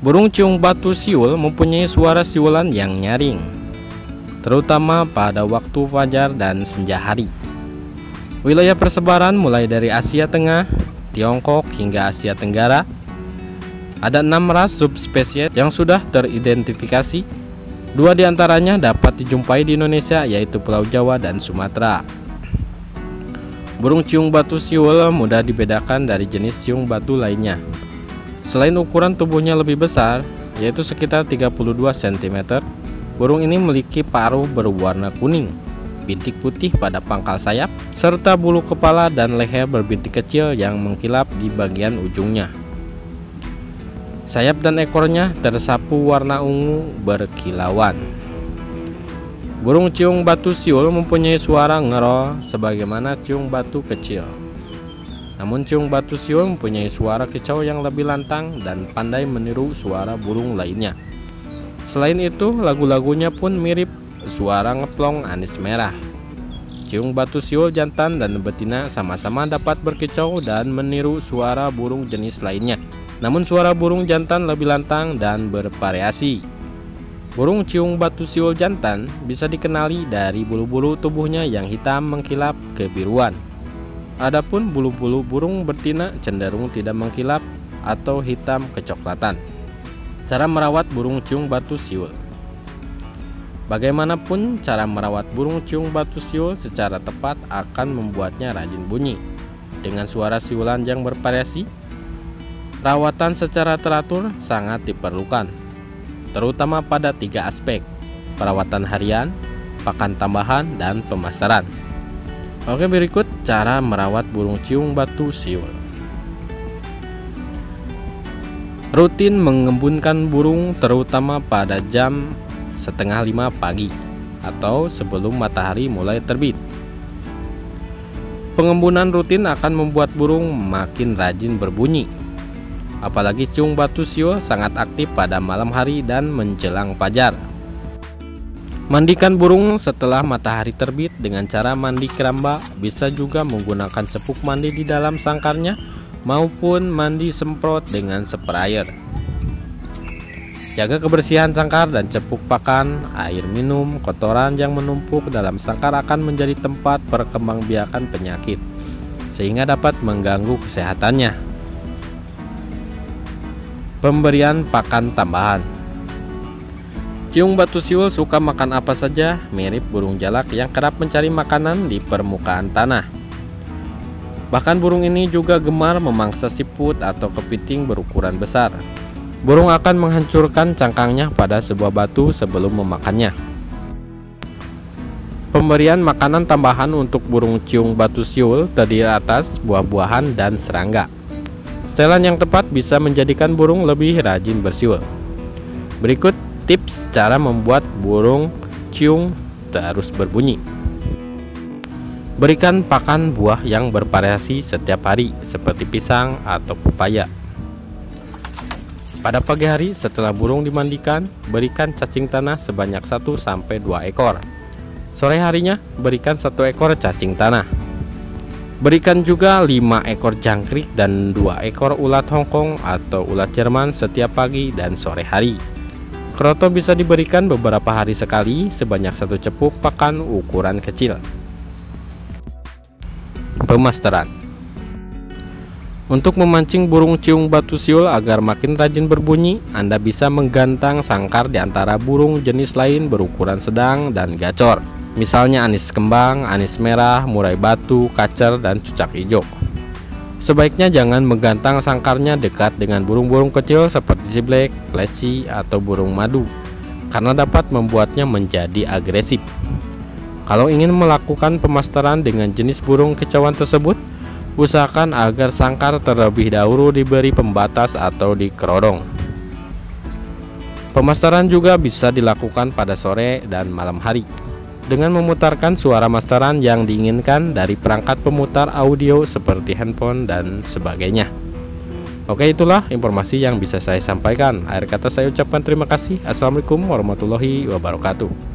Burung ciung batu siul mempunyai suara siulan yang nyaring, terutama pada waktu fajar dan senja hari. Wilayah persebaran mulai dari Asia Tengah, Tiongkok hingga Asia Tenggara. Ada enam ras subspesies yang sudah teridentifikasi. Dua diantaranya dapat dijumpai di Indonesia yaitu Pulau Jawa dan Sumatera. Burung ciung batu siul mudah dibedakan dari jenis ciung batu lainnya Selain ukuran tubuhnya lebih besar, yaitu sekitar 32 cm, burung ini memiliki paruh berwarna kuning, bintik putih pada pangkal sayap, serta bulu kepala dan leher berbintik kecil yang mengkilap di bagian ujungnya. Sayap dan ekornya tersapu warna ungu berkilauan. Burung ciung batu siul mempunyai suara ngerol sebagaimana ciung batu kecil. Namun ciung Batu Siung mempunyai suara kicau yang lebih lantang dan pandai meniru suara burung lainnya. Selain itu, lagu-lagunya pun mirip suara ngeplong anis merah. Ciung Batu siul jantan dan betina sama-sama dapat berkicau dan meniru suara burung jenis lainnya. Namun suara burung jantan lebih lantang dan bervariasi. Burung ciung batu siul jantan bisa dikenali dari bulu-bulu tubuhnya yang hitam mengkilap kebiruan. Adapun bulu-bulu burung betina cenderung tidak mengkilap atau hitam kecoklatan. Cara merawat burung cung batu siul. Bagaimanapun cara merawat burung cung batu siul secara tepat akan membuatnya rajin bunyi dengan suara siulan yang bervariasi. Rawatan secara teratur sangat diperlukan, terutama pada tiga aspek: perawatan harian, pakan tambahan, dan pemasaran. Oke berikut cara merawat burung ciung batu siul Rutin mengembunkan burung terutama pada jam setengah lima pagi atau sebelum matahari mulai terbit Pengembunan rutin akan membuat burung makin rajin berbunyi Apalagi ciung batu siul sangat aktif pada malam hari dan menjelang fajar Mandikan burung setelah matahari terbit dengan cara mandi keramba, bisa juga menggunakan cepuk mandi di dalam sangkarnya maupun mandi semprot dengan sprayer. Jaga kebersihan sangkar dan cepuk pakan, air minum, kotoran yang menumpuk dalam sangkar akan menjadi tempat perkembangbiakan penyakit sehingga dapat mengganggu kesehatannya. Pemberian pakan tambahan Ciung batu siul suka makan apa saja, mirip burung jalak yang kerap mencari makanan di permukaan tanah. Bahkan burung ini juga gemar memangsa siput atau kepiting berukuran besar. Burung akan menghancurkan cangkangnya pada sebuah batu sebelum memakannya. Pemberian makanan tambahan untuk burung ciung batu siul terdiri atas buah-buahan dan serangga. Setelan yang tepat bisa menjadikan burung lebih rajin bersiul. Berikut Tips cara membuat burung ciung terus berbunyi. Berikan pakan buah yang bervariasi setiap hari seperti pisang atau pepaya. Pada pagi hari setelah burung dimandikan, berikan cacing tanah sebanyak 1 sampai 2 ekor. Sore harinya, berikan satu ekor cacing tanah. Berikan juga 5 ekor jangkrik dan 2 ekor ulat Hongkong atau ulat Jerman setiap pagi dan sore hari. Kroto bisa diberikan beberapa hari sekali sebanyak satu cepuk pakan ukuran kecil. Pemasteran Untuk memancing burung ciung batu siul agar makin rajin berbunyi, Anda bisa menggantang sangkar di antara burung jenis lain berukuran sedang dan gacor. Misalnya anis kembang, anis merah, murai batu, kacer, dan cucak hijau. Sebaiknya jangan menggantang sangkarnya dekat dengan burung-burung kecil seperti ciblek, leci, atau burung madu karena dapat membuatnya menjadi agresif. Kalau ingin melakukan pemasteran dengan jenis burung kecauan tersebut, usahakan agar sangkar terlebih dahulu diberi pembatas atau dikerodong. Pemasteran juga bisa dilakukan pada sore dan malam hari dengan memutarkan suara masteran yang diinginkan dari perangkat pemutar audio seperti handphone dan sebagainya. Oke itulah informasi yang bisa saya sampaikan. Akhir kata saya ucapkan terima kasih. Assalamualaikum warahmatullahi wabarakatuh.